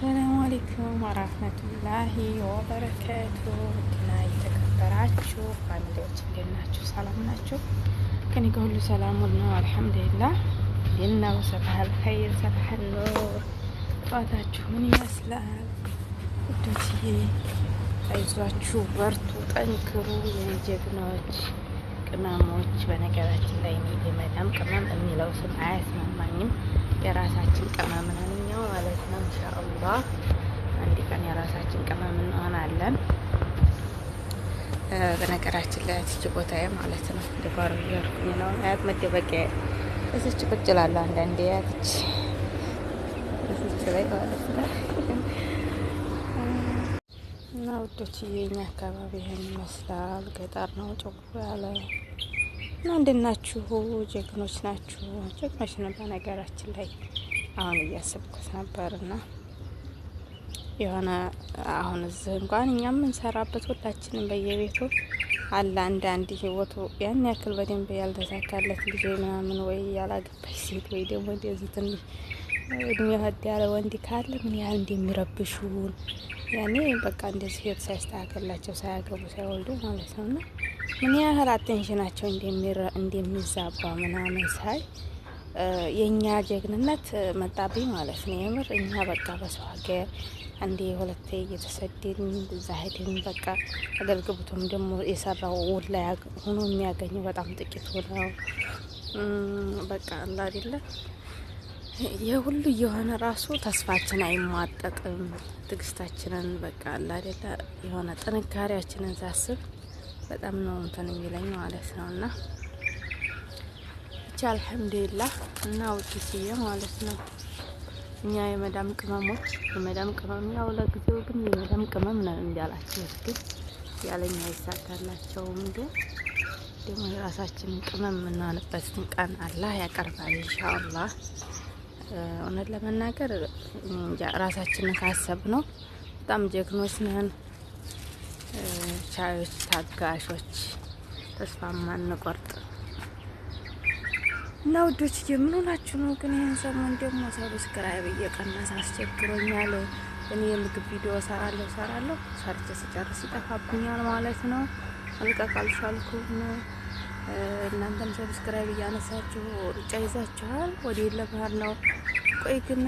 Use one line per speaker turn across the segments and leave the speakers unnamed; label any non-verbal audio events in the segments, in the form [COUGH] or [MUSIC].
አሰላሙ አሌይኩም ወራህመቱላሂ ወበረከቱ እና የተከበራችሁ ፋሚሊዎች እንዴት ናችሁ? ሰላም ናችሁ? ከኔ ጋር ሁሉ ሰላም ነው፣ አልሐምዱሊላህ። ይናው ሰባሃል ኸይር ሰባሃል ኑር። ጠዋታችሁ ምን ይመስላል? ውዶችዬ አይዟችሁ፣ በርቱ፣ ጠንክሩ። የጀግናዎች ቅመሞች። በነገራችን ላይ እኔ ቅመም የሚለው ስም አያስማማኝም የራሳችን ቅመም ነን እኛው ማለት ነው። ኢንሻአላህ አንድ ቀን የራሳችን ቅመም እንሆናለን። በነገራችን ላይ እዚች ቦታዬ ማለት ነው ደባሩ እያልኩኝ ነው። አያት መደበቂያ እዚች ቁጭ እላለሁ አንዳንዴ ያትች እዚች ላይ ማለት ነው እና ውዶች የኛ አካባቢ ይህን ይመስላል። ገጠር ነው ጭቁ ያለ እና እንድናችሁ ጀግኖች ናችሁ፣ ጀግኖች ነው። በነገራችን ላይ አሁን እያሰብኩት ነበርና የሆነ አሁን እዚህ እንኳን እኛ የምንሰራበት ሁላችንም በየቤቱ አለ አንድ አንድ ህይወቱ ያን ያክል በደንብ ያልተሳካለት ጊዜ ምናምን ወይ ያላገባች ሴት ወይ ደግሞ እንደዚህ ትንሽ እድሜ ወድ ያለ ወንድ ካለ ምን ያህል እንደሚረብሹን ያኔ በቃ እንደዚህ ህይወት ሳያስተካከላቸው ሳያገቡ ሳይወልዱ ማለት ነውና ምን ያህል አቴንሽናቸው እንደሚዛባ ምናምን ሳይ የእኛ ጀግንነት መጣብኝ ማለት ነው። የምር እኛ በቃ በሰው ሀገር አንዴ ሁለቴ እየተሰደድን እዛ ሄድን። በቃ አገልግሎቱም ደግሞ የሰራው ውድ ላይ ሆኖ የሚያገኘው በጣም ጥቂት ነው። በቃ አለ የሁሉ የሆነ ራሱ ተስፋችን አይሟጠጥም። ትግስታችንን በቃ አለ የሆነ ጥንካሬያችንን ሳስብ በጣም ነው እንትን የሚለኝ ማለት ነው። እና ብቻ አልሐምዱሊላህ እና ውድዬ ማለት ነው እኛ የመዳም ቅመሞች የመዳም ቅመም ያው ለጊዜው ግን የመዳም ቅመም ነው እንዳላችሁት፣ ግን ያለኝ አይሳካላቸውም። እንደ ደግሞ የራሳችንን ቅመም የምንሆንበትን ቀን አላህ ያቀርባል ኢንሻአላህ። እውነት ለመናገር ራሳችንን ካሰብ ነው በጣም ጀግኖች ነን። ቻዮች፣ ታጋሾች፣ ተስፋ ማንቆርጥ እና ውዶች ምን ነው? ግን ይህን ሰሞን ደግሞ ሰብስክራይብ እየቀነሰ አስቸግሮኛል። እኔ የምግብ ቪዲዮ ሰራለሁ ሰራለሁ ሰርቼ ስጨርስ ይጠፋብኛል ማለት ነው። መልቀቅ አልቻልኩም። እናንተም ሰብስክራይብ እያነሳችሁ ሩጫ ይዛችኋል። ወደ ለባህር ነው። ቆይ ግን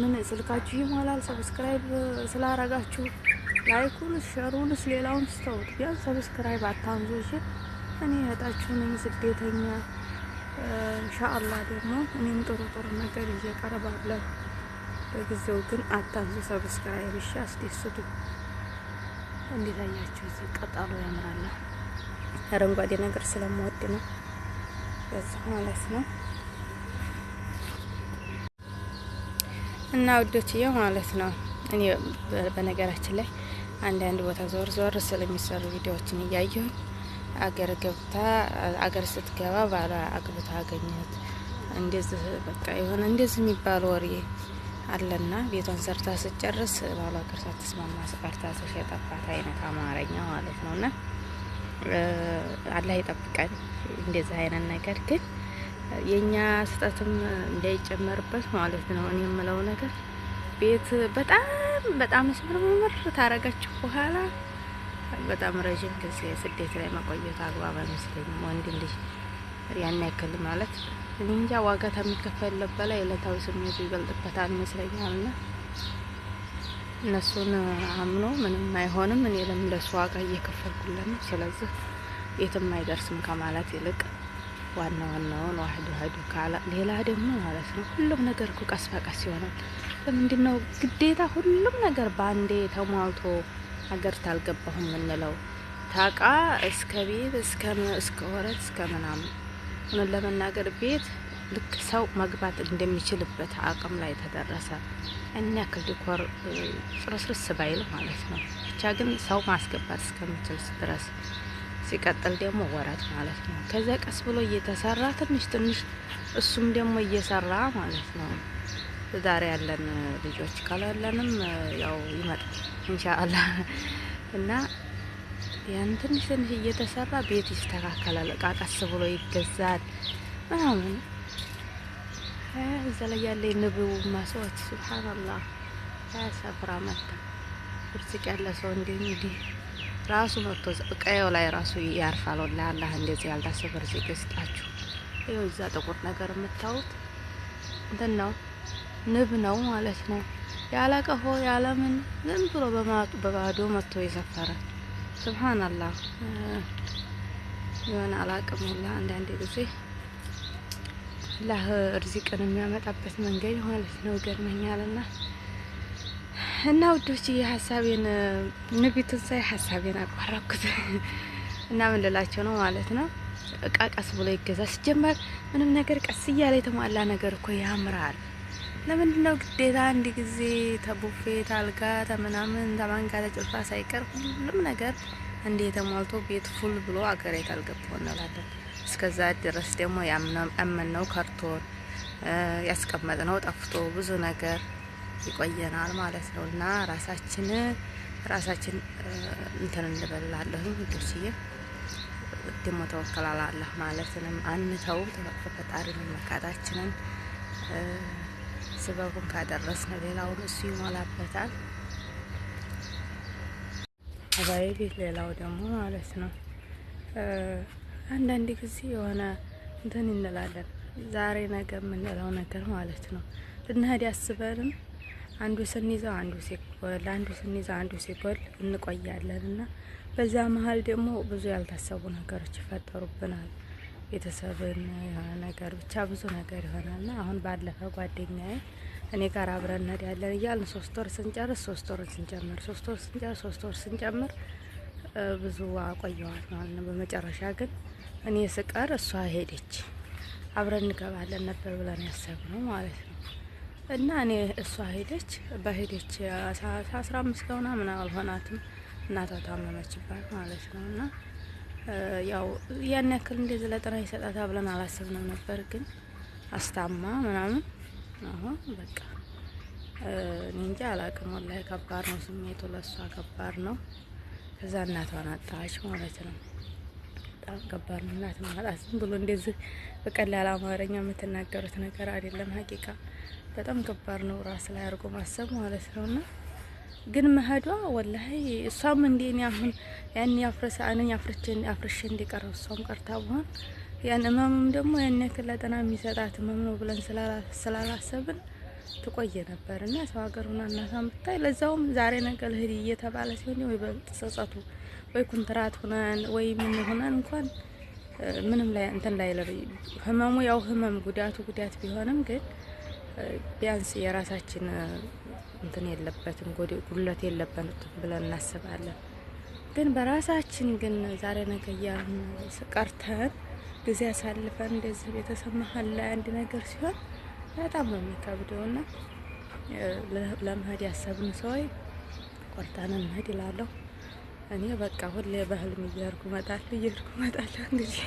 ምን ስልካችሁ ይሞላል? ሰብስክራይብ ስላረጋችሁ ላይኩንስ ሸሩንስ ሌላውን ስተውት ቢያንስ ሰብስክራይብ አታንዙ። እሺ እኔ እህታችሁንም ስደተኛ እንሻአላ ደግሞ እኔም ጥሩ ጥሩ ነገር እየቀረባለሁ። በጊዜው ግን አታንዙ ሰብስክራይብ። እሺ አስደስቱ። እንዴት አያችሁ? እዚህ ያምራል። አረንጓዴ ነገር ስለምወድ ነው በዛ ማለት ነው። እና ውዶችዬ ማለት ነው እኔ በነገራችን ላይ አንዳንድ ቦታ ዞር ዞር ስለሚሰሩ ቪዲዮዎችን እያየሁኝ አገር ገብታ አገር ስትገባ ባሏ አግብታ አገኘት እንደዚህ በቃ የሆነ እንደዚህ የሚባል ወሬ አለና ቤቷን ሰርታ ስጨርስ ባሏ ቅርሳ ሳትስማማ ስቀርታ ተሸጠባት አይነት አማርኛ ማለት ነው። እና አላህ ይጠብቀን እንደዚህ አይነት ነገር ግን የእኛ ስጠትም እንዳይጨመርበት ማለት ነው። እኔ የምለው ነገር ቤት በጣም በጣም ስምርምር ታረገችው በኋላ በጣም ረዥም ጊዜ ስደት ላይ መቆየቱ አግባብ አይመስለኝም። ወንድ ልጅ ያን ያክል ማለት እንጃ ዋጋ ከሚከፈል በላይ ዕለታዊ ስሜቱ ይበልጥበታል ይመስለኛል። እና እነሱን አምኖ ምንም አይሆንም፣ እኔ ለምን ለሱ ዋጋ እየከፈልኩለት ነው፣ ስለዚህ የትም አይደርስም ከማለት ይልቅ ዋና ዋናውን ዋህድ ዋህዱ ካለ ሌላ ደግሞ ማለት ነው ሁሉም ነገር እኮ ቀስ በቀስ ይሆናል። ለምንድን ነው ግዴታ ሁሉም ነገር በአንዴ ተሟልቶ ሀገር ታልገባሁ የምንለው? ታቃ እስከ ቤት እስከ ወረት እስከ ምናምን ሁነን ለመናገር ቤት ልክ ሰው መግባት እንደሚችልበት አቅም ላይ ተደረሰ። እኛ ዲኮር ጭርስርስ ባይል ማለት ነው። ብቻ ግን ሰው ማስገባት እስከምችል ድረስ ሲቀጥል ደግሞ ወረት ማለት ነው። ከዚያ ቀስ ብሎ እየተሰራ ትንሽ ትንሽ እሱም ደግሞ እየሰራ ማለት ነው። ዛሬ ያለን ልጆች ካላለንም ያው ይመጣል ኢንሻአላህ እና ያን ትንሽ ትንሽ እየተሰራ ቤት ይስተካከላል። እቃ ቀስ ብሎ ይገዛል ምናምን እዛ ላይ ያለ ንብቡ ማሰዎች ሱብሃንአላህ ያሰፍራ መጣ ብርጭቅ ያለ ሰው እንደ እንዲህ ራሱ መጥቶ ቀየው ላይ ራሱ ያርፋል። ወላ አላህ እንደዚህ ያልዳሰ ብርጭቅ ይስጣችሁ። ይኸው እዛ ጥቁር ነገር የምታዩት እንትን ነው። ንብ ነው ማለት ነው። ያለ ቀፎ ያለምን ዝም ብሎ በማጡ በባዶ መጥቶ የሰፈረ ስብሀን የሆነ አላቅም ሁላ አንዳንድ ጊዜ አላህ እርዚቅን የሚያመጣበት መንገድ ማለት ነው ገርመኛል። ና እና ውዶች ሀሳቤን ንቢትን ሳይ ሀሳቤን አቋረኩት እና ምን ልላቸው ነው ማለት ነው። እቃ ቀስ ብሎ ይገዛ ሲጀመር ምንም ነገር ቀስ እያለ የተሟላ ነገር እኮ ያምራል። ለምንድን ነው ግዴታ አንድ ጊዜ ተቡፌ ታልጋ ተምናምን ተማንጋ ተጭልፋ ሳይቀር ሁሉም ነገር እንዴ የተሟልቶ ቤት ፉል ብሎ አገሬ የታልገባው እንላለን። እስከዛ ድረስ ደግሞ ያመነው ከርቶን ነው ጠፍቶ ብዙ ነገር ይቆየናል ማለት ነው እና ራሳችን ራሳችን እንትን እንበላለሁ ግብስዬ ደግሞ ተወከላላለህ ማለትንም አንተው ተፈጣሪ መካታችንን ስበቡን ካደረስነ ሌላውን እሱ ይሞላበታል። አባይ ቤት ሌላው ደግሞ ማለት ነው። አንዳንድ ጊዜ የሆነ እንትን እንላለን ዛሬ ነገ የምንለው ነገር ማለት ነው። ልናሄድ ያስበንም አንዱ ስንይዘው አንዱ ሲጎል አንዱ ስንይዘው አንዱ ሲጎል እንቆያለን እና በዛ መሀል ደግሞ ብዙ ያልታሰቡ ነገሮች ይፈጠሩብናል። ቤተሰብን የሆነ ነገር ብቻ ብዙ ነገር ይሆናል ና አሁን ባለፈ ጓደኛዬ እኔ ጋር አብረን እንሄዳለን እያልን ሶስት ወር ስንጨርስ ሶስት ወር ስንጨምር ሶስት ወር ስንጨርስ ሶስት ወር ስንጨምር ብዙ አቆየዋል ማለት ነው። በመጨረሻ ግን እኔ ስቀር እሷ ሄደች። አብረን እንገባለን ነበር ብለን ያሰብነው ማለት ነው። እና እኔ እሷ ሄደች። በሄደች አስራ አምስት ከሆና ምናምን አልሆናትም እናቷ ታመመችባት ማለት ነው እና ያው ያን ያክል እንደዚህ ለጤና ይሰጣታል ብለን አላሰብነው ነበር። ግን አስታማ ምናምን አሁን በቃ እንጃ አላቅም። ወላሂ ከባድ ነው ስሜቱ፣ ለእሷ ከባድ ነው። ከዛ እናቷን አጣች ማለት ነው። በጣም ከባድ ነው እናት ማጣት። ዝም ብሎ እንደዚህ በቀላል አማርኛ የምትናገሩት ነገር አይደለም። ሀቂቃ በጣም ከባድ ነው ራስ ላይ አድርጎ ማሰብ ማለት ነውና ግን መሄዷ ወላሂ እሷም እንዴኔ አሁን ያን ያፍረሰ አነኝ አፍረችን አፍረሽ እንደቀረው እሷም ቀርታ ብሆን ያን እመምም ደግሞ ያን ያክል ለጤና የሚሰጣት እመም ነው ብለን ስላላሰብን ትቆየ ነበር እና ሰው ሀገር ሆና እናቷን ብታይ ለዛውም ዛሬ ነገ ልሂድ እየተባለ ሲሆን ወይ በጸጸቱ ወይ ኩንትራት ሆነን ወይ ምን ሆነን እንኳን ምንም ላይ እንትን ላይ ለብ ህመሙ ያው ህመም ጉዳቱ ጉዳት ቢሆንም ግን ቢያንስ የራሳችን እንትን የለበትም ጎዴ ጉድለት የለበትም ብለን እናስባለን። ግን በራሳችን ግን ዛሬ ነገ እያልን ቀርተን ጊዜ አሳልፈን እንደዚህ ቤተሰብ መሀል ላይ አንድ ነገር ሲሆን በጣም ነው የሚከብደው። ና ለመሄድ ያሰብን ሰዎች ቆርጠን እንሂድ ይላለሁ። እኔ በቃ ሁሌ በህልም እየሄድኩ እመጣለሁ እየሄድኩ እመጣለሁ። እንግዲህ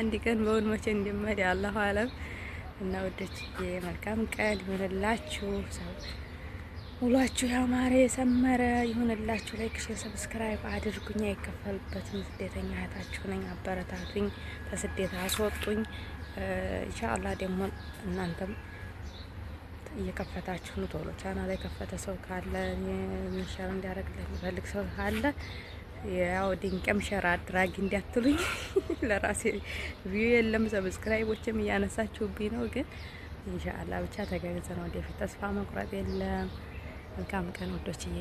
አንድ ቀን በእውን መቼ እንደምሄድ ያለሁ አለም እና ወደች መልካም ቀን ይሆንላችሁ። ውሏችሁ ያማረ የሰመረ ይሁንላችሁ። ላይክ፣ ሼር፣ ሰብስክራይብ አድርጉኝ። አይከፈልበትም። ስደተኛ እህታችሁ ነኝ። አበረታቱኝ፣ ከስደት አስወጡኝ። ኢንሻአላ ደግሞ እናንተም እየከፈታችሁ ነው። ቶሎ ቻናል ከፈተ ሰው ካለ ሸር እንዲያደርግ ለሚፈልግ ሰው ካለ ያው ድንቅም ሸር አድራጊ እንዲያትሉኝ [LAUGHS] ለራሴ ቪዩ የለም። ሰብስክራይቦችም እያነሳችሁብኝ ነው። ግን ኢንሻአላ ብቻ ተገንዘ ነው ወደፊት ተስፋ መቁረጥ የለም። መልካም ቀን ወዶችዬ